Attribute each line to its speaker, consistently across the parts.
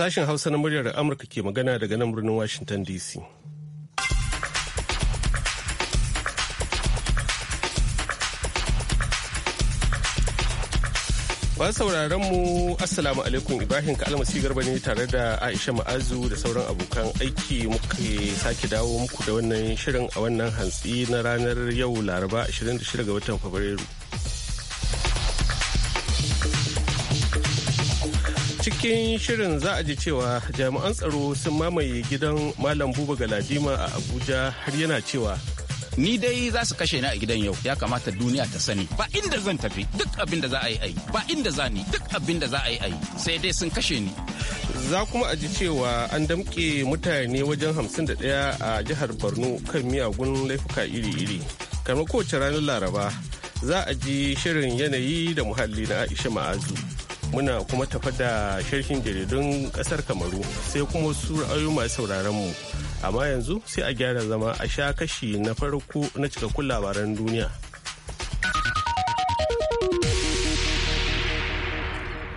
Speaker 1: Sashen Hausa na muryar Amurka ke magana daga nan birnin Washington DC. Ba sauraron mu Assalamu alaikum Ibrahim Kalmasi Garba ne tare da Aisha Ma'azu da sauran abokan aiki muke sake dawo muku da wannan shirin a wannan hantsi na ranar yau Laraba 26 ga watan Fabrairu. cikin shirin za a ji cewa jami'an tsaro sun mamaye gidan malam buba galadima a abuja har yana cewa ni dai za su kashe ni a gidan yau ya kamata duniya ta sani
Speaker 2: ba inda zan tafi duk abin da za a yi ayi ba inda za ni duk abin da za a yi ayi sai dai sun kashe ni
Speaker 1: za kuma a ji cewa an damƙe mutane wajen 51 a jihar borno kan miyagun laifuka iri-iri kamar kowace ranar laraba za a ji shirin yanayi da muhalli na aisha ma'azu muna kuma tafa da sharhin jaridun kasar kamaru sai kuma su ra'ayu masu sauraron mu amma yanzu sai a gyara zama a sha kashi na farko na cikakkun labaran duniya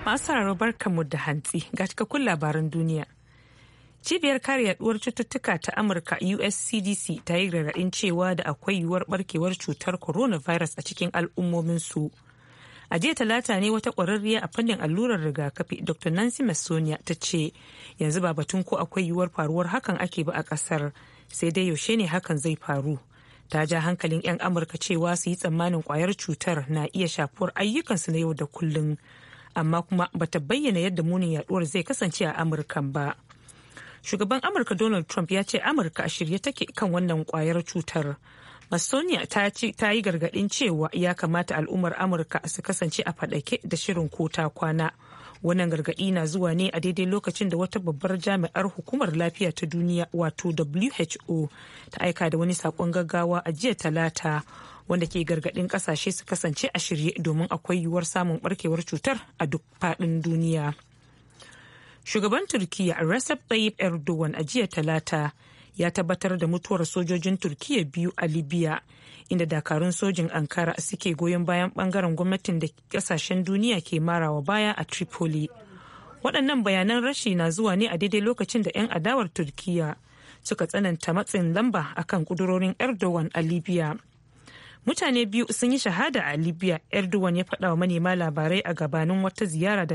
Speaker 3: masu mu da hantsi ga cikakkun labaran duniya cibiyar kare yaduwar cututtuka ta amurka uscdc ta yi gargaɗin cewa da akwai yiwuwar barkewar cutar coronavirus a cikin al'ummominsu su a jiya talata ne wata kwararriya a fannin allurar rigakafi dr nancy masonia ta ce yanzu ba batun ko akwai yiwuwar faruwar hakan ake ba a ƙasar sai dai yaushe ne hakan zai faru ta ja hankalin 'yan amurka cewa su yi tsammanin kwayar cutar na iya shafuwar ayyukansu na yau da kullum amma kuma bata bayyana yadda munin yaduwar zai kasance a amurka ba shugaban amurka donald trump ya ce amurka a shirye take kan wannan kwayar cutar masonia ta ta yi gargaɗin cewa ya kamata al'ummar amurka su kasance a faɗake da shirin kota kwana wannan gargaɗi na zuwa ne a daidai lokacin da wata babbar jami'ar hukumar lafiya ta duniya wato who ta aika da wani saƙon gaggawa a jiya talata wanda ke gargaɗin ƙasashe su kasance a shirye domin akwai yiwuwar samun ɓarkewar cutar a duk faɗin duniya shugaban turkiya recep tayyip erdogan a jiya talata ya tabbatar da mutuwar sojojin turkiyya biyu a libya inda dakarun sojin ankara suke goyon bayan bangaren gwamnatin da kasashen duniya ke marawa baya a tripoli waɗannan bayanan rashi na zuwa ne a daidai lokacin da 'yan adawar turkiya suka tsananta matsin lamba akan kudurorin erdogan a libya mutane biyu sun yi shahada a libya erdogan ya faɗawa manema labarai a gabanin wata ziyara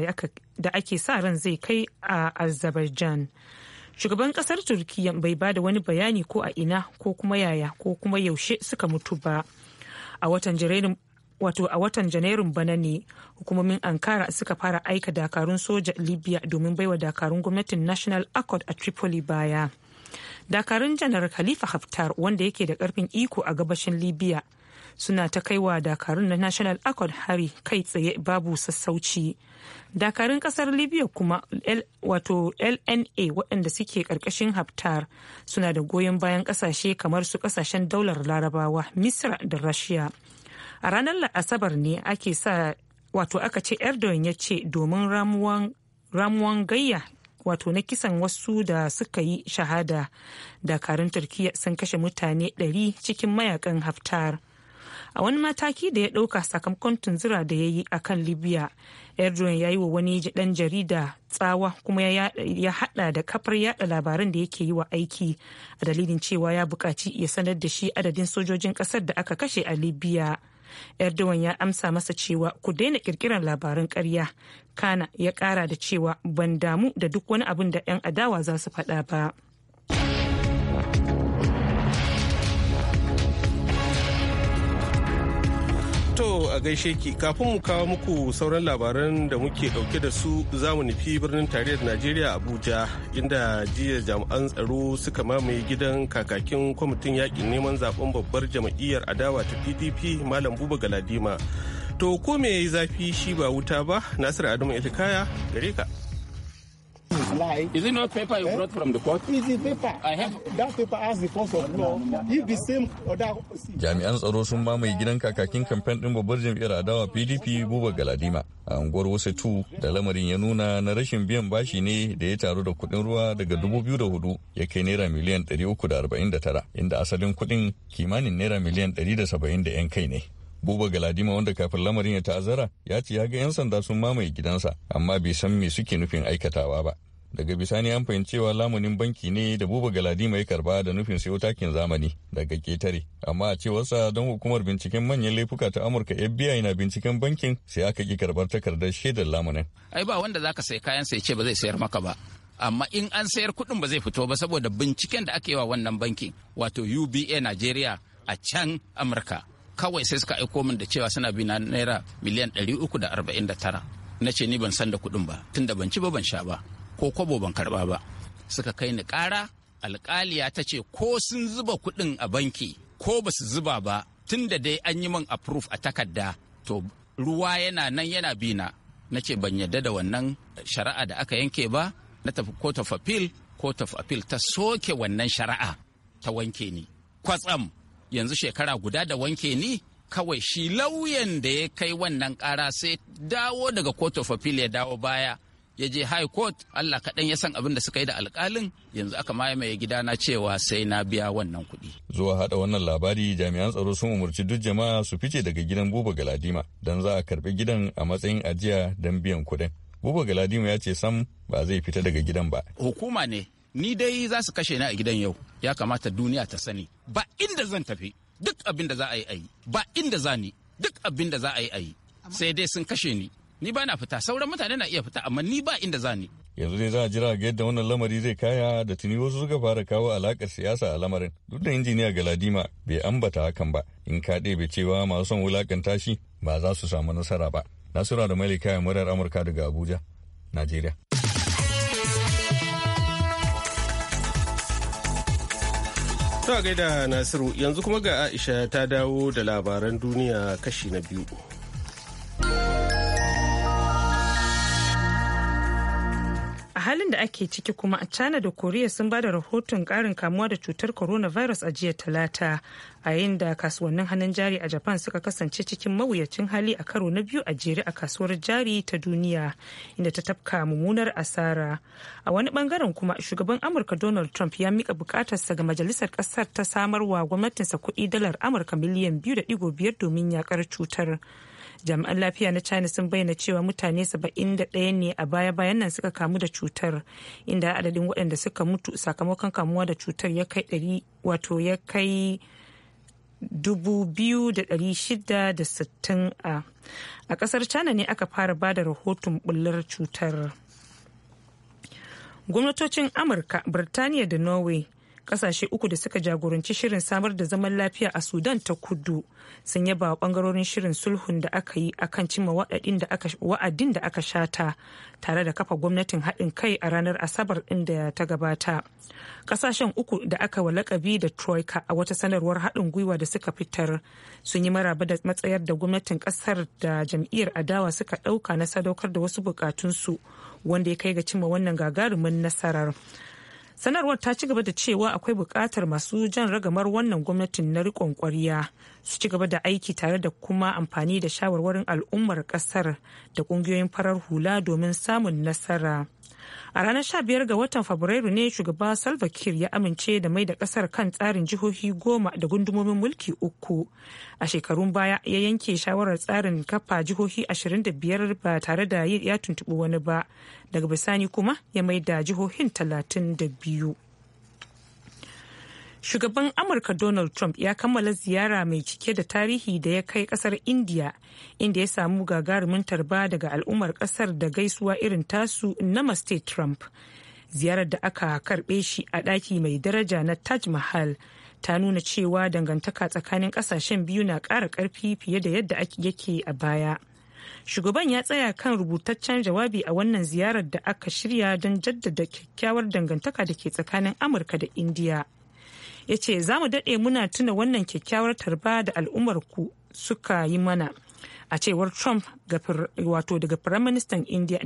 Speaker 3: da ake sa ran zai kai a azerbaijan shugaban kasar turkiyya bai ba da wani bayani ko a ina ko kuma yaya ko kuma yaushe suka mutu ba a watan janairun wato a watan janairun bana ne hukumomin ankara suka fara aika dakarun soja libya domin baiwa dakarun gwamnatin national accord a tripoli baya dakarun janar khalifa haftar wanda yake da karfin iko a gabashin libya suna ta kaiwa dakarun na national accord hari kai tsaye babu sassauci dakarun kasar libya kuma wato lna waɗanda suke ƙarƙashin haftar suna da goyon bayan ƙasashe kamar su ƙasashen daular larabawa misra da rashiya a ranar asabar ne ake sa wato aka ce erdogan ya ce domin ramuwan gayya wato na kisan wasu da suka yi shahada dakarun turkiyya sun kashe mutane 100 cikin mayakan haftar a wani mataki da ya ɗauka sakamakon tunzura da ya yi a kan libya erdogan ya yi wa wani dan jarida tsawa kuma ya haɗa da kafar yaɗa labaran da yake yi wa aiki a dalilin cewa ya buƙaci ya sanar da shi adadin sojojin ƙasar da aka kashe a libya erdogan ya amsa masa cewa ku daina ƙirƙirar labaran karya kana ya ƙara da cewa ban damu da duk wani abin da 'yan adawa za su faɗa ba.
Speaker 1: To a gaishe ki kafin mu kawo muku sauran labaran da muke dauke da su zamu nufi birnin tarayyar Najeriya Abuja inda jiya jami'an tsaro suka mamaye gidan kakakin kwamitin yakin neman zaben babbar jam'iyyar adawa ta PDP Malam Buba Galadima. To ko me zafi shi ba wuta ba Nasiru Adamu Ilkaya gare ka.
Speaker 2: is it not paper you eh? brought from the court? Is it paper? I have that paper
Speaker 4: has the force of law. If the same
Speaker 5: Jami'an tsaro sun mai gidan kakakin kamfen din babbar jam'iyyar adawa PDP Buba Galadima a unguwar 2 da lamarin ya nuna na rashin biyan bashi ne da ya taru da kuɗin ruwa daga 2004 ya kai naira miliyan 349 inda asalin kuɗin kimanin naira miliyan 170 da 'yan kai ne. Buba Galadima wanda kafin lamarin ya ta'azzara ya ce ya ga 'yan sanda sun mamaye gidansa amma bai san me suke nufin aikatawa ba. Daga bisani an fahimcewa lamunin banki ne da Buba Galadima ya karba da nufin sayo takin zamani daga ketare. Amma a cewarsa don hukumar binciken manyan laifuka ta Amurka FBI na binciken bankin sai aka ki karbar takardar shaidar lamunin.
Speaker 2: Ai ba wanda zaka sai kayan sai ce ba zai sayar maka ba. amma in an sayar kuɗin ba zai fito ba saboda binciken da ake wa wannan bankin wato uba nigeria a can amurka kawai sai suka aiko min da cewa suna bi na naira miliyan 349 na ce ni ban san da kuɗin ba Tun da ban ci ba ban sha ba ko kwabo ban karba ba suka kai ni ƙara alƙaliya ta ce ko sun zuba kuɗin a banki ko ba su zuba ba tun da dai an yi min proof a takarda to ruwa yana nan yana bi na Na ce ban yadda da wannan shari'a da aka yanke ba na tafi court of ta soke wannan shari'a ta wanke ni kwatsam yanzu shekara guda da wanke ni kawai shi lauyan da ya kai wannan kara sai dawo daga court of appeal ya dawo baya ya je high court Allah kaɗan ya san abin da suka yi da alƙalin yanzu aka maye mai gidana cewa sai na
Speaker 5: biya wannan kuɗi. Zuwa haɗa wannan labari jami'an tsaro sun umarci duk jama'a su fice daga gidan Buba Galadima don za a karɓi gidan a matsayin ajiya don biyan kuɗin. Buba Galadima ya ce sam ba zai fita daga gidan ba. Hukuma ne ni dai za su kashe ni a gidan yau ya kamata
Speaker 2: duniya ta sani ba inda zan tafi duk abin da za a yi a yi ba inda za ni duk abin da za a yi a sai dai sun kashe ni ni ba na fita sauran mutane na iya fita amma ni ba inda
Speaker 5: za ni yanzu dai za a jira ga yadda wannan lamari zai kaya da tuni wasu suka fara kawo alakar siyasa a lamarin duk da injiniya ga Ladima bai ambata hakan ba in ka ɗebe cewa masu son wulakanta shi ba za su samu nasara ba nasura da malika kayan murar amurka daga abuja najeriya
Speaker 1: To gaida Nasiru yanzu kuma ga Aisha ta dawo da labaran duniya kashi na biyu.
Speaker 3: halin da ake ciki kuma a china da koriya sun da rahoton karin kamuwa da cutar coronavirus a jiya talata a yayin da kasuwannin hannun jari a japan suka kasance cikin mawuyacin hali a karo na biyu a jere a kasuwar jari ta duniya inda ta tafka mummunar asara a wani bangaren kuma shugaban amurka donald trump ya mika bukatarsa ga majalisar kasar ta samarwa gwamnatinsa kuɗi dalar amurka miliyan biyu da biyar domin yakar cutar jami'an lafiya na china sun bayyana cewa mutane 71 ne a baya-bayan nan suka kamu da cutar inda adadin waɗanda suka mutu sakamakon kamuwa da cutar ya kai wato ya kai sittin a a kasar china ne aka fara ba da rahoton bullar cutar gwamnatocin amurka birtaniya da norway kasashe uku da suka jagoranci shirin samar da zaman lafiya a sudan ta kudu sun yaba wa bangarorin shirin sulhun da aka yi a kan cimma wa'adin da aka shata tare da kafa gwamnatin haɗin kai a ranar asabar ɗin da ta gabata kasashen uku da aka walakabi da troika a wata sanarwar haɗin gwiwa da suka fitar sun yi maraba da matsayar da gwamnatin ƙasar da jam'iyyar adawa suka ɗauka na sadaukar da wasu bukatunsu wanda ya kai ga cimma wannan gagarumin nasarar sanarwar ta ci gaba da cewa akwai buƙatar masu jan ragamar wannan gwamnatin na riƙon ƙwarya su ci gaba da aiki tare da kuma amfani da shawarwarin al'ummar ƙasar da ƙungiyoyin farar hula domin samun nasara a ranar 15 ga watan fabrairu ne shugaba salva kiir ya amince da mai da kasar kan tsarin jihohi goma da gundumomin mulki uku a shekarun baya ya yanke shawarar tsarin kafa jihohi 25 ba tare da ya tuntubi wani ba daga bisani kuma ya mai da jihohin 32 shugaban amurka donald trump ya kammala ziyara mai cike da tarihi da ya kai kasar india inda ya samu gagarumin tarba daga al'ummar kasar da gaisuwa irin tasu namaste trump ziyarar da aka karbe shi a daki mai daraja na taj mahal ta nuna cewa dangantaka tsakanin kasashen biyu na kara karfi fiye da yadda yake a baya shugaban ya tsaya kan rubutaccen jawabi a wannan ziyarar da aka shirya don jaddada kyakkyawar dangantaka da ke tsakanin amurka da indiya ya ce za mu daɗe muna tuna wannan kyakkyawar tarba da al'ummar ku suka yi mana a cewar trump wato daga firaministan india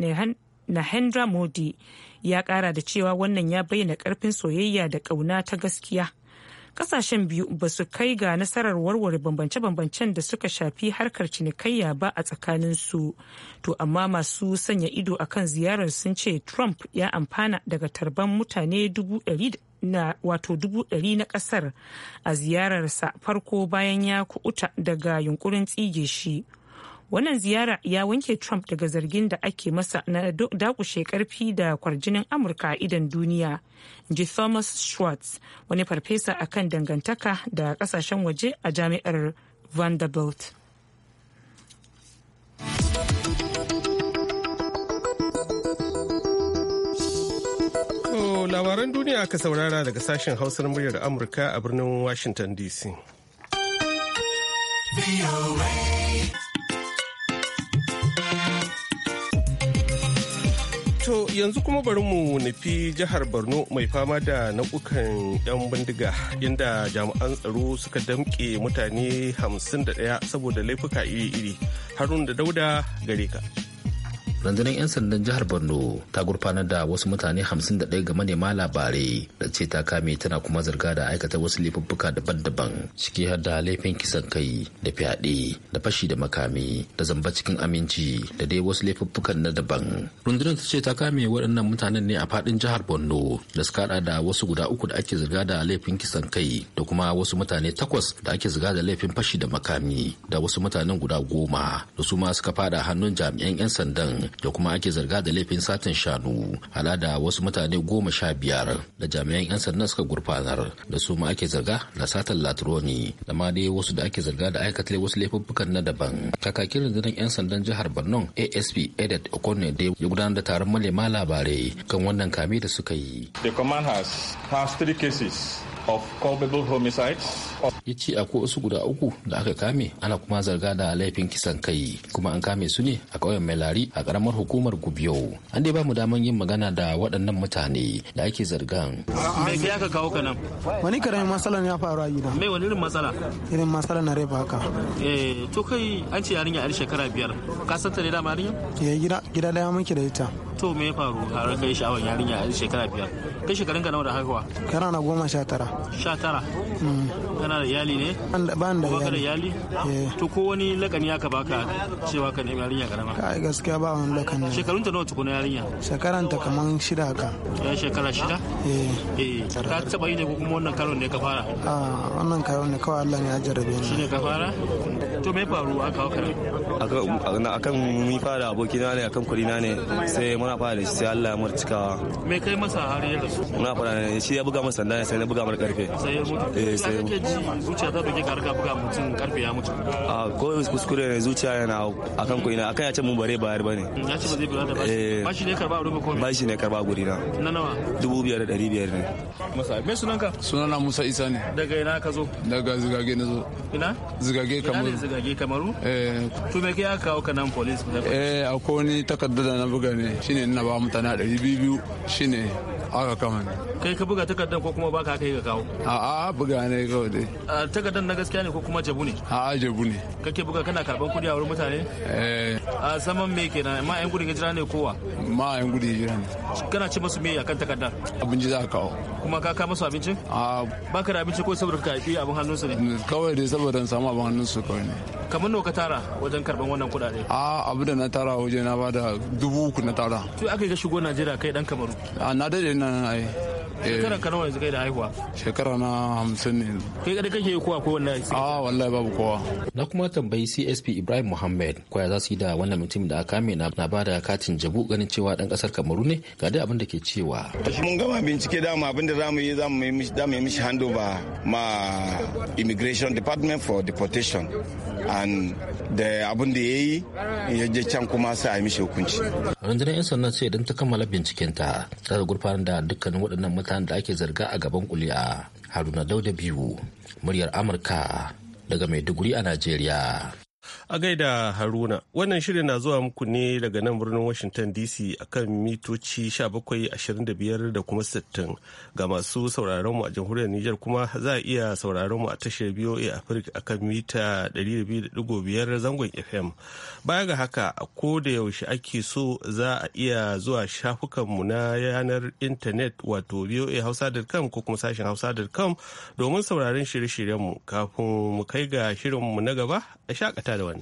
Speaker 3: nahendra modi ya kara da cewa wannan ya bayyana karfin soyayya da ƙauna ta gaskiya kasashen biyu ba su kai ga nasarar warware bambance-bambancen da suka shafi harkar cinikayya ba a tsakanin su to amma masu sanya ido a kan ziyarar sun ce trump ya amfana daga tarban mutane dubu na wato dubu ɗari na ƙasar a ziyararsa farko bayan ya kuɓuta daga yunkurin tsige shi wannan ziyara ya wanke trump daga zargin da ake masa na dakushe karfi da kwarjinin amurka a idan duniya ji thomas schwartz wani farfesa a kan dangantaka da kasashen waje a jami'ar vanderbilt
Speaker 1: labaran duniya aka saurara daga sashen hausar muryar amurka a birnin washington dc yanzu kuma bari mu nufi jihar borno mai fama da nau'ukan 'yan bindiga inda jami'an tsaro suka damƙe mutane 51 saboda laifuka iri-iri harun da dauda gare ka.
Speaker 6: rundunar 'yan sandan jihar borno ta gurfanar da wasu mutane 51 ga manema labarai da ce ta kame tana kuma zirga da aikata wasu laifuffuka daban-daban ciki har da laifin kisan kai da fyaɗe da fashi da makami da zamba cikin aminci da dai wasu laifuffukan na daban rundunar ta ce ta kame waɗannan mutanen ne a faɗin jihar borno da suka haɗa da wasu guda uku da ake zirga da laifin kisan kai da kuma wasu mutane takwas da ake zarga da laifin fashi da makami da wasu mutanen guda goma da su ma suka fada hannun jami'an 'yan sandan da kuma ake zarga da laifin satin shanu hala da wasu mutane goma sha biyar da jami'an 'yan sanda suka gurfanar da su ma ake zarga na satan latroni da ma dai wasu da ake zarga da aikata wasu laifuffukan na daban kakakin rundunar 'yan sandan jihar borno asp edit okonne dai ya gudanar da taron malema labarai kan wannan kame da suka yi
Speaker 7: the command has has three cases of culpable homicides.
Speaker 6: Ya ce akwai wasu guda uku da aka kame ana kuma zarga da laifin kisan kai kuma an kame su ne a ƙauyen Melari a ƙaramar hukumar Gubiyo. An dai ba mu daman yin magana da waɗannan mutane da ake zargan.
Speaker 8: Me ya ka kawo kanan? Wani karamin ne ya faru a gida. Me wani irin matsala? Irin matsala na rai haka. Eh to kai an ce yarinya yar shekara biyar. Ka san ta ne da yarinya? Eh gida gida ya miki da ita. To me ya faru har kai sha'awar yarinya yar shekara biyar? Kai shekarun ka nawa da haihuwa? Kana na goma sha tara. sha tara mm. kana da iyali ne ba da iyali da iyali eh. to ko wani lakani aka baka cewa ka nemi yarinya karama kai gaskiya ba wani lakani shekarun ta nawa tukuna yarinya shekaran ta kaman shida haka ya shekara shida eh, eh ka taba yi ne ko kuma wannan karon ne ka fara a ah, wannan karon ne kawai Allah ne ya jarabe ni shine ka fara to me faru aka hau karen akan mun fara abokina ne akan kudina ne sai muna fara da shi sai Allah ya murcikawa me kai masa har ya rasu muna fara ne shi ya buga masa sanda sai na buga mar karfe sai ya mutu eh sai kake ji zuciya ta doke ka riga buga mutum karfe ya mutu a ko kuskure ne zuciya yana akan kudina akan ya ce mun bare bayar bane ya ce ba zai bayar da bashi eh. bashi ne karba rubu komai bashi ne karba guri na na nawa dubu biyar da dari biyar ne masa me sunanka sunana Musa Isa ne daga ina ka zo daga zigage na zo ina zigage kamar zage kamaru? eh to aka kawo kanan nan police eh, akwai wani takarda da na buga ne shine ina ba mutane 200 shine aka kama ne kai ka buga takardar ko kuma baka kai ka kawo a a buga ne kawai dai takardar na gaskiya ne ko kuma jabu ne a a jabu ne kake buga kana karban kudi a wurin mutane eh a saman me kenan ma yan gudun hijira ne kowa ma yan gudun hijira ne kana ci musu me kan takardar abinci za ka kawo kuma ka kawo musu abinci a baka da abinci ko saboda ka yi abin hannunsu ne kawai dai saboda in samu abin hannunsu kawai ne kamar nawa ka tara wajen karban wannan kudade a abu da na tara waje na bada dubu uku na tara to aka yi ka shigo Najeriya kai dan Kamaru a na dade no, no, no. Eh. shekara ka nawa yanzu kai da haihuwa shekara na hamsin ne kai kada kake kowa ko wallahi a ah, wallahi babu kowa na kuma tambayi CSP Ibrahim
Speaker 6: Muhammad koya za su yi da wannan mutum da aka mai na ba da katin jabu ganin cewa dan kasar Kamaru ne ga dai abin da ke cewa
Speaker 2: mun gama bincike d'a mu abin da zamu yi zamu yi mishi zamu yi mishi handover ma immigration department for deportation and da abin da yayi ya je can kuma sai a yi mishi hukunci
Speaker 6: rundunar yan sannan sai idan ta kammala binciken ta gurfanar da dukkanin waɗannan mutane matakan da ake zarga a gaban kuli'a haruna dauda biyu muryar amurka daga maiduguri a najeriya
Speaker 1: A gaida Haruna, wannan shirin na zuwa muku ne daga nan birnin Washington DC akan mitoci 1725 da kuma 60 ga masu sauraron mu a jamhuriyar niger kuma za a iya sauraron mu a tashar BOA Africa akan mita 200.5 zangon FM. Baya ga haka, a ko da yaushe ake so za a iya zuwa shafukanmu na yanar intanet wato voahausa.com ko kuma sashen hausa.com domin sauraron shirye-shiryenmu kafin mu kai ga shirinmu na gaba a shakata da wannan.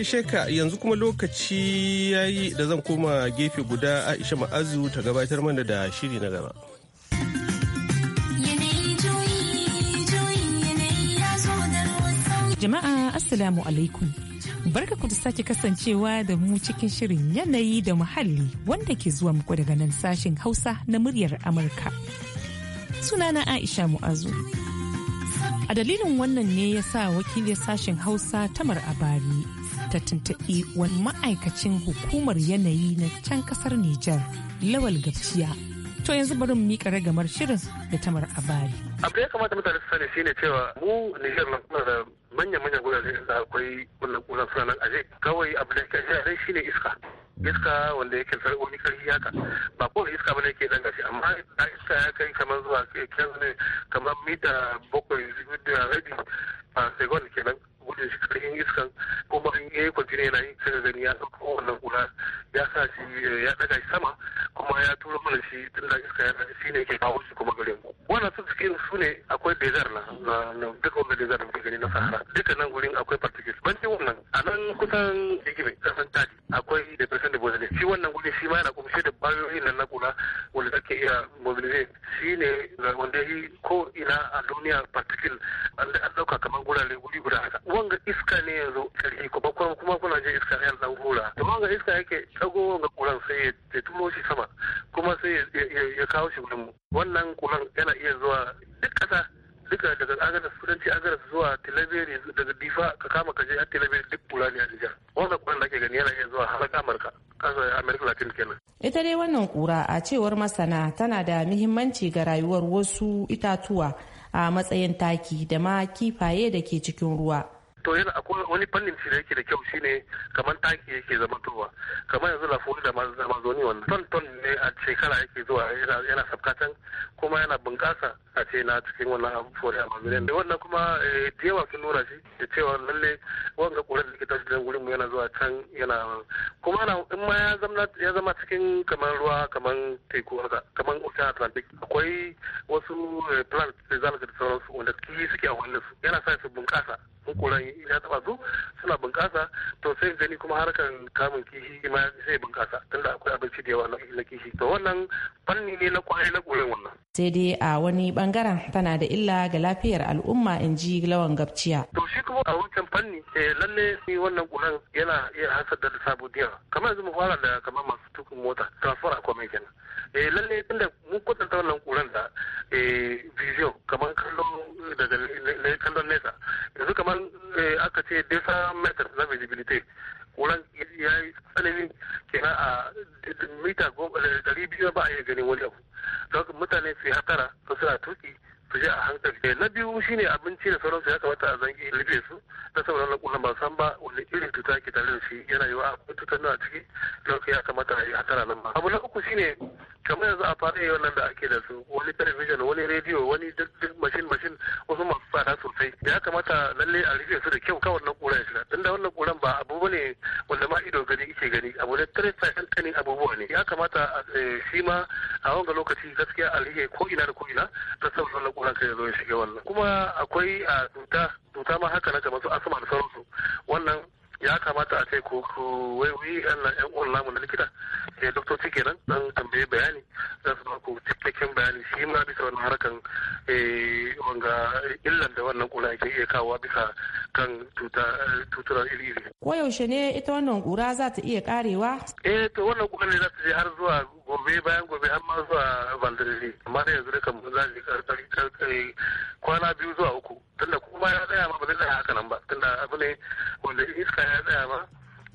Speaker 1: gaishe ka yanzu kuma lokaci ya yi da zan koma gefe guda Aisha Ma'azu ta gabatar mana da shiri na gaba.
Speaker 3: Jama'a Assalamu alaikum. Barka ku da sake kasancewa da mu cikin shirin yanayi da muhalli wanda ke zuwa muku daga nan sashen Hausa na muryar Amurka. Sunana Aisha Mu'azu. A dalilin wannan ne ya sa wakilin sashen Hausa Tamar Abari ta tuntaɓi wani ma'aikacin hukumar yanayi na can kasar Nijar, Lawal Gabciya. To yanzu bari mu miƙa ragamar shirin da tamar bari.
Speaker 9: Abu ya kamata mutane su sani shine cewa mu Nijar na kuma da manya-manyan gudanar da akwai wannan kunan suna nan aje. Kawai abu da ke shi shine iska. iska wanda yake sarƙoƙi karfi haka ba kowane iska bane ke ɗan gashi amma iska ya kai kamar zuwa kyan ne kamar mita bakwai da rabi a segon kenan gudun shi karfin iskan kuma in yayi kwantine yana yi cin gani ya ɗauko wannan kula ya sa shi ya ɗaga shi sama kuma ya tura mana shi tun da iska ya ɗaga shi ne ke kawo shi kuma garin mu wannan su cikin su ne akwai desert na duka wanda desert da muke gani na sahara duka nan wurin akwai particles ban wannan a nan kusan jigibe kasan tadi akwai depression da bozale shi wannan wuri shi ma yana kumshe da bayoyin nan na kula wanda ake iya mobilize shi ne wanda ko ina a duniya particle an ɗauka kamar gurare wuri guda haka wanga iska ne yanzu karfi ko bakon kuma kuna jin iska yan dan hula to wanga iska yake tsago wanga kuran sai ya turo shi sama kuma sai ya kawo shi gurin wannan kuran yana iya zuwa duk kasa duka daga agaras kudanci agaras zuwa tilaberi daga difa ka kama ka je a tilaberi duk kula ne a nijar wannan kuran da ake gani yana iya zuwa har amurka kasa amurka latin kenan
Speaker 3: ita dai wannan kura a cewar masana tana da muhimmanci ga rayuwar wasu itatuwa a matsayin taki da ma kifaye da ke cikin
Speaker 1: ruwa
Speaker 9: to yana akwai wani fannin shi da yake da kyau shine kamar taki yake zama towa kamar yanzu lafoli da mazoni wannan ton ton ne a shekara yake zuwa yana sabkatan kuma yana bunƙasa a ce na cikin wannan abubuwan a mazoni da wannan kuma eh, da yawa sun nuna shi da cewa lalle wanga ƙuran likitoci da wurin mu yana zuwa can yana kuma na in ma ya zama cikin kamar ruwa kamar teku haka kamar ocean atlantic akwai wasu eh, plant da zalaka da sauransu wanda su suke a wannan su yana sa su bunƙasa makoran ya taba su suna bunƙasa to sai gani kuma harkan kamun kishi ma sai bunƙasa tunda akwai abinci da yawa na kishi to wannan fanni ne na kwaye na koyon wannan
Speaker 3: sai dai a wani bangaren tana da illa ga lafiyar al'umma in ji lawan gabciya to
Speaker 9: shi kuma a wancan fanni eh, lalle sai wannan kuran yana iya hasar da sabo da yawa kamar yanzu mu fara da kamar masu tukin mota transfer ko mai kenan eh lalle tunda mun kwatanta wannan kuran da eh video kamar kallon daga kallon nesa yanzu kamar kamar eh, aka ce desa meter na visibility wurin ya yi tsanani kenan a mita 200 eh, ba a iya ganin wani abu don mutane su yi hatara su suna tuki su je a hankali eh, na biyu shine abinci da su ya kamata a zangi rufe su na saboda na kullum ba san ba wani irin tuta ke tare da shi yana yiwa kuma cutar a ciki lokaci ya kamata a yi hatara nan ba abu na uku shine kamar yanzu a fara yi wannan da ake da su wani television wani rediyo wani duk mashin mashin wasu masu tsada sosai da ya kamata lalle a rufe su da kyau kawai wannan kura ya shiga tun da wannan kuran ba abu ne wanda ma ido gani ike gani abu ne tare tsakankanin abubuwa ne ya kamata eh, shi ma a wanga lokaci gaskiya a rufe ko ina da ko ina ta saboda ka zo ya shiga wannan kuma akwai a duta duta ma haka na ga masu asma da sauransu wannan ya kamata a ce ko ku wai wi yan uwan namu na likita ke doktoci kenan dan tambaye bayani za su ko cikakken bayani shi ma bisa wannan harkan eh, wanga illan da wannan kura yake iya kawo bisa kan tuta tutura iri-iri.
Speaker 3: Ko yaushe ne ita wannan kura za ta iya karewa?
Speaker 9: Eh to wannan kura ne za ta je har zuwa gobe bayan gobe an ma zuwa valdirili amma da yanzu duka mun zaji karkari karkari kwana biyu zuwa uku tunda kuma ya tsaya ma ba zai tsaya haka nan ba tunda abu ne wanda iska ya tsaya ma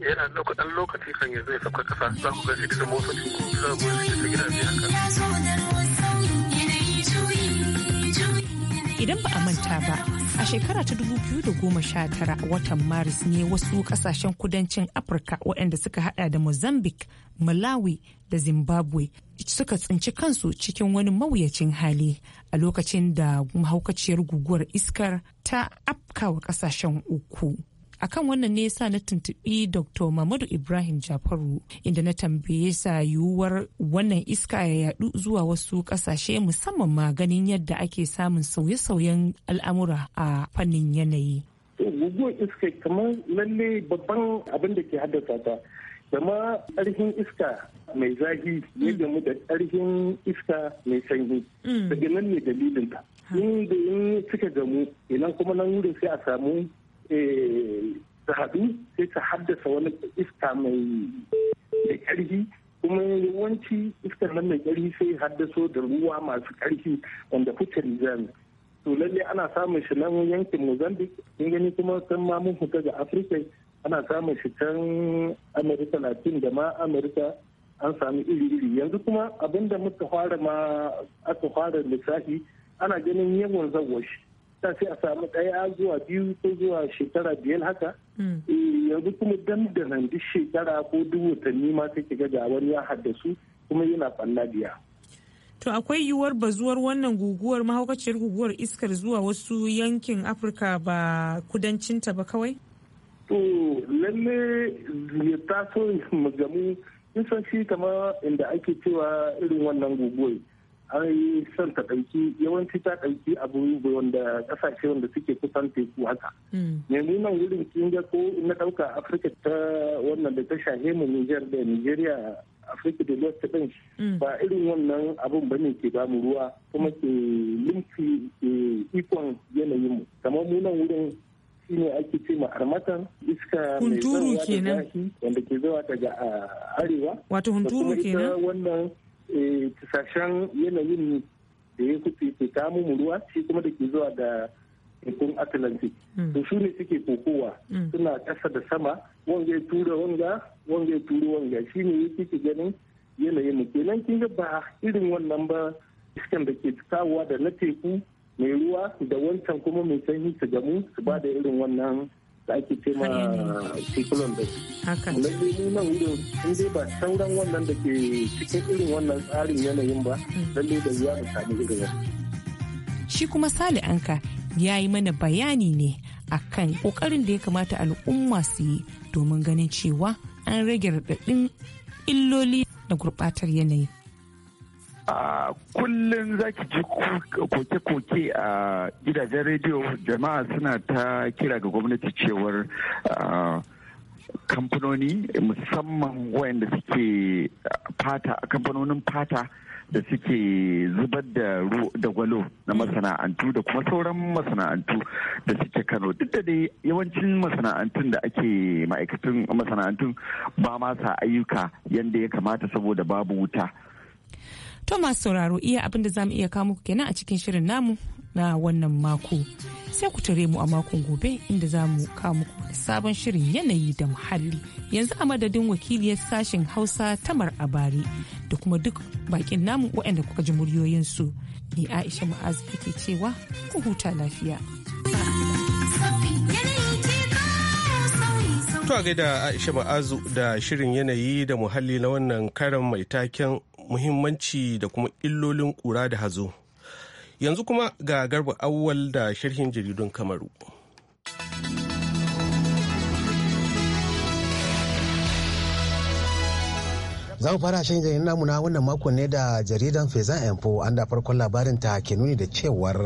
Speaker 9: yana ɗauka ɗan lokaci kan yanzu ya sauka kasa za ku ga shi da motsa ku za ku ga shi da
Speaker 10: haka.
Speaker 3: Idan ba a manta ba, A shekara ta 2019 watan Maris ne wasu kasashen kudancin Afirka waɗanda suka hada da Mozambique, Malawi da Zimbabwe suka tsinci kansu cikin wani mawuyacin hali a lokacin da mahaukaciyar guguwar iskar ta afkawa kasashen uku. akan wannan ne sa na tuntubi dr mamadu ibrahim jafaru inda na tambaye sa yiwuwar wannan iska ya yadu zuwa wasu kasashe musamman ma ganin yadda ake samun sauye-sauyen al'amura a fannin yanayi
Speaker 7: guguwar iska kamar lalle babban abin da ke haddasa ta zama ƙarfin iska mai zafi ne mm. gamu da ƙarfin iska mai sanyi mm. daga nan ne dalilin ta in da in suka gamu idan kuma nan wurin sai a samu su eh, sai ta haddasa wani iska mai da kuma yawanci iskar nan mai ƙarfi sai haddaso da ruwa masu ƙarfi wanda kuke rizami to lalle ana samun shi nan yankin mozambique in gani kuma san ma mun fita ga afirka ana samun shi can America latin da ma America an sami iri-iri yanzu kuma abinda muka fara ma aka fara lissafi ana ganin yawan zagwashi ta sai a samu ɗaya zuwa biyu ko zuwa shekara biyar haka hmm. eh, yanzu kuma dan da nan duk shekara ko duk watanni ma sai kiga ga wani ya haddasu kuma yana falla biya.
Speaker 3: To akwai yiwuwar bazuwar wannan guguwar mahaukaciyar guguwar iskar zuwa wasu yankin Afirka ba
Speaker 7: kudancinta ba kawai? To lalle ya taso magamu nisan shi kama inda ake cewa irin wannan guguwar. ai son ta ɗauki yawanci ta ɗauki abu wanda ƙasashe wanda suke kusan teku haka. Hmm. Yanzu nan wurin kin ga ko na ɗauka Afirka ta wannan da ta shahe mu Nijar da Nijeriya Afirka da West ɗin hmm. ba irin wannan abun ne ke mu ruwa kuma ke limfi ikon yanayin mu. Kamar mu nan wurin shine ake ce ma armatan iska mai zawa zawa daga ah, arewa. Wato
Speaker 3: hunturu kenan.
Speaker 7: wannan Eh, tasashen yanayin da ya kuce ke kamo mu ruwa shi kuma da ke zuwa da tekun atlantic hmm. to su ne suke kokowa hmm. suna ƙasa da sama wanga ya tura wanga wanga ya tura wanga shi ne ya kike ganin yanayin mu kenan kin ga ba irin wannan ba iskan da ke kawowa da na teku mai ruwa da wancan kuma mai sanyi ta gamu su ba da irin wannan da ake ce ma cyclone din na biyu nan wurin in dai ba sauran wannan da ke cikin irin wannan tsarin yanayin ba lalle hmm. da ya da sami irin
Speaker 3: shi kuma sali anka ya yi mana bayani ne akan kokarin da ya kamata al'umma su yi domin ganin cewa an rage raɗaɗin illoli na gurɓatar yanayi
Speaker 7: a kullum za ki ji
Speaker 10: koke-koke a gidajen rediyo jama'a suna ta kira ga gwamnati cewar kamfanoni musamman wayanda
Speaker 1: suke fata kamfanonin fata da suke zubar da da gwalo na mm. masana'antu da kuma sauran masana'antu da suke kano duk da dai
Speaker 10: yawancin masana'antun da ake ma'aikatan masana'antun ba masa ayyuka yadda ya kamata saboda babu wuta
Speaker 3: To masu sauraro iya abin da za mu iya kawo muku kenan a cikin shirin namu na wannan mako. Sai ku tare mu a makon gobe inda za mu kawo muku sabon shirin yanayi da muhalli. Yanzu a madadin wakiliyar sashen Hausa Tamar Abari da kuma duk bakin namu waɗanda kuka ji muryoyinsu. Ni Aisha Mu'azu ke cewa ku huta lafiya.
Speaker 1: To a gaida Aisha Ma'azu da shirin yanayi da muhalli na wannan karan mai taken muhimmanci da kuma illolin ƙura da hazo yanzu kuma ga garba awwal da sharhin jaridun kamaru
Speaker 4: za mu fara shan jaridar namu na wannan makon ne da jaridan fezan info an da farkon labarin ta ke nuni da cewar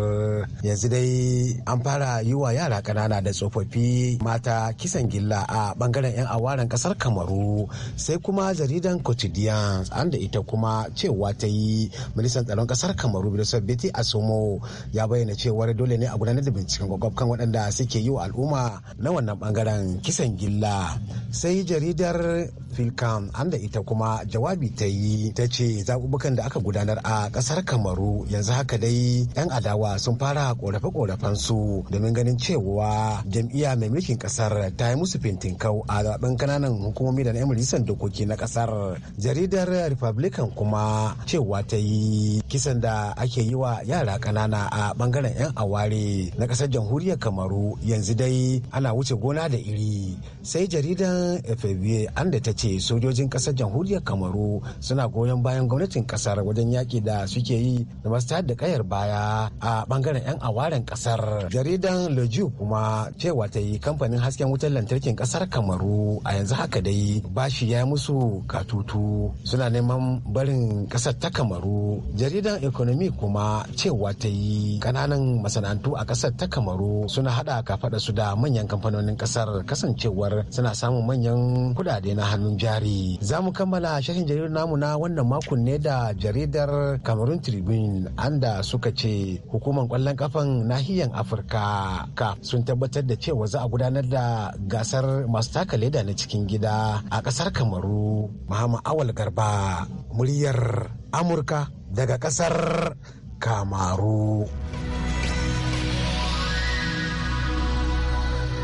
Speaker 4: yanzu dai an fara yi wa yara kanana da tsofaffi mata kisan gilla a bangaren 'yan awaren kasar kamaru sai kuma jaridan quotidian an da ita kuma cewa ta yi ministan tsaron ƙasar kamaru bilisan beti asomo ya bayyana cewar dole ne a gudanar da binciken kwakwaf waɗanda suke yi wa al'umma na wannan bangaren kisan gilla sai jaridar filkam an da ita kuma jawabi ta yi ta ce zaɓuɓɓukan da aka gudanar a ƙasar kamaru yanzu haka dai 'yan adawa sun fara ƙorafe-ƙorafen su domin ganin cewa jam'iyya mai mulkin ƙasar ta yi musu kau a zaɓen kananan hukumomi da na 'yan dokoki na ƙasar jaridar republican kuma cewa ta yi kisan da ake yi wa yara ƙanana a ɓangaren 'yan aware na ƙasar jamhuriyar kamaru yanzu dai ana wuce gona da iri sai jaridan fba an da ta ce sojojin ƙasar jamhuriyar kamaru suna goyon bayan gwamnatin kasar wajen yaƙi da suke yi da masu da kayar baya a bangaren 'yan awaren kasar jaridan lejiu kuma cewa ta yi kamfanin hasken wutar lantarkin kasar kamaru a yanzu haka dai bashi ya musu katutu suna neman barin kasar ta kamaru jaridan economy kuma cewa ta yi kananan masana'antu a kasar ta kamaru suna hada kafaɗa su da manyan kamfanonin kasar kasancewar suna samun manyan kudade na hannun jari za mu kammala a shirin jaridar namu na wannan makon ne da jaridar Cameroon Tribune anda suka ce hukumar kwallon kafan nahiyar Afirka ka sun tabbatar da cewa za a gudanar da gasar masu taka leda na cikin gida a kasar Kamaru. mahama Awal Garba muryar Amurka daga kasar Kamaru.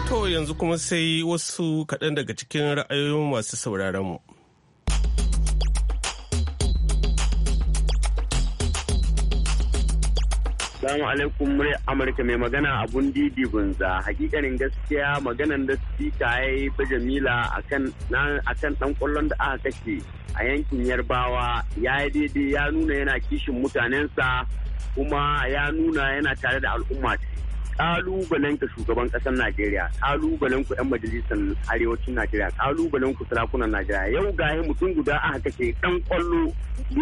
Speaker 1: To yanzu kuma sai wasu kaɗan daga cikin ra'ayoyin masu sauraron mu.
Speaker 10: Assalamu alaikum mure Amurka mai magana abun didi bunza hakikanin gaskiya maganan da spika ya yi Jamila a kan ɗan kwallon da aka kashe a yankin Yarbawa ya yi daidai ya nuna yana kishin mutanensa kuma ya nuna yana tare da al'umma kalubalen ka shugaban kasar Najeriya kalubalen ku yan majalisar arewacin Najeriya kalubalen ku sarakunan Najeriya yau ga mutum guda aka kace dan kwallo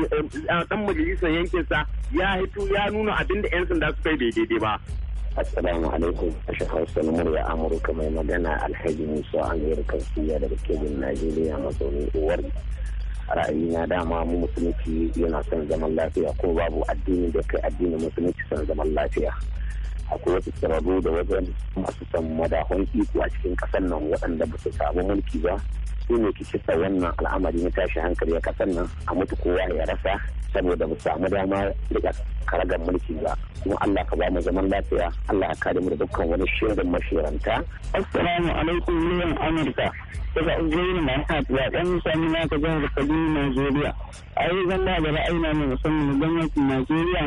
Speaker 10: dan eh, majalisar yankin sa ya hito ya nuna abinda yan sanda suka yi da daidai ba Assalamu alaikum a Hausa na murya Amurka mai magana Alhaji Musa Amerika ya daga Kebin Najeriya mazauni uwar ra'ayi na dama mu musulunci yana son zaman lafiya ko babu addini da kai addinin musulunci son zaman lafiya akwai wasu tsararru da wajen masu san madahon iko a cikin kasar nan waɗanda ba su samu mulki ba su ne ke kisa wannan al'amari na tashi hankali a ƙasar nan a mutu kowa ya rasa saboda ba samu dama daga karagar mulki ba kuma Allah ka ba mu zaman lafiya Allah ya kare mu da dukkan wani shirin mashiranta assalamu alaikum miliyan amurka daga ugoyin manhat ya dan sami na ka jihar kaduna najeriya a yi zan da ra'ayi na musamman gwamnatin najeriya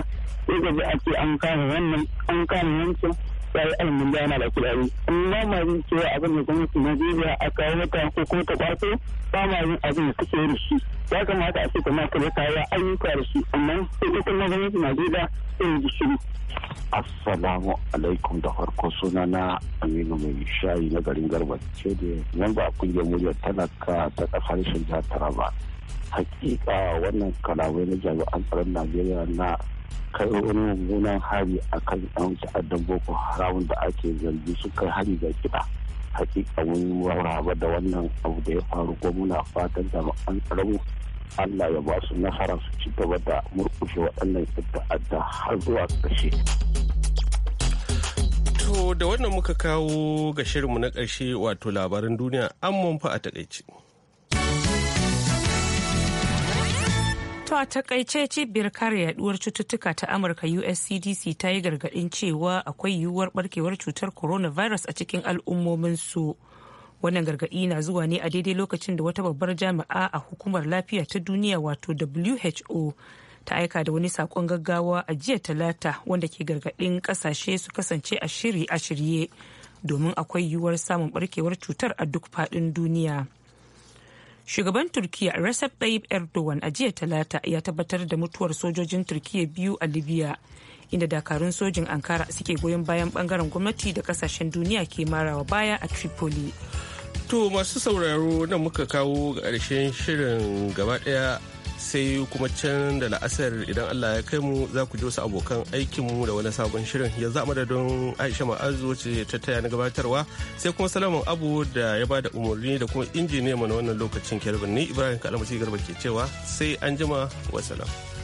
Speaker 10: sai ka ji a ce an kama wannan an kama wancan sai an mun da kuɗaɗe amma ma yin cewa abin da gwamnati na jibiya a kawo wata ko ko ta kwato ba ma yin abin da suke da shi ya kamata a ce ta da kaya ayyuka da shi amma sai ita kuma gwamnati na jibiya sai da shi assalamu alaikum da farko suna na aminu mai shayi na garin garba ce da nan kungiyar muryar talaka ta kasar shan jihar taraba hakika wannan kalamai na jami'an tsaron najeriya na kai wani mummunan hari a kan yan ta'addan boko haramun da ake zargi su kai hari ga kiɗa hakika mun waraba da wannan abu da ya faru ko muna fatan da an tsaro Allah ya ba su nasara su ci gaba da murkushe waɗannan ta'adda har zuwa
Speaker 1: ƙarshe. To da wannan muka kawo ga shirinmu na ƙarshe wato labaran duniya an mun fa a taƙaice.
Speaker 3: To a takaice cibiyar kare yaduwar cututtuka ta Amurka USCDC ta yi gargadin cewa akwai yiwuwar barkewar cutar coronavirus a cikin al'ummomin su. Wannan gargadi na zuwa ne a daidai lokacin da wata babbar jami'a a hukumar lafiya ta duniya wato WHO ta aika da wani sakon gaggawa a jiya talata wanda ke gargadin kasashe su kasance a shiri a shirye domin akwai yiwuwar samun barkewar cutar a duk faɗin duniya. shugaban turkiya recep tayyip erdogan a jiya talata ya tabbatar da mutuwar sojojin turkiya biyu a libya inda dakarun sojin ankara suke goyon bayan bangaren gwamnati da kasashen duniya ke marawa baya a tripoli
Speaker 1: to masu sauraro nan muka kawo ƙarshen shirin gaba ɗaya sai kuma can da la'asar idan Allah ya kai mu za ku ji wasu abokan aikinmu da wani sabon shirin yanzu a madadin Aisha Ma'azu ce ta taya na gabatarwa sai kuma Salamun Abu da ya bada umarni da kuma injiniya mana wannan lokacin kelvin ni Ibrahim Kalamusi Garba ke cewa sai an jima wasalam.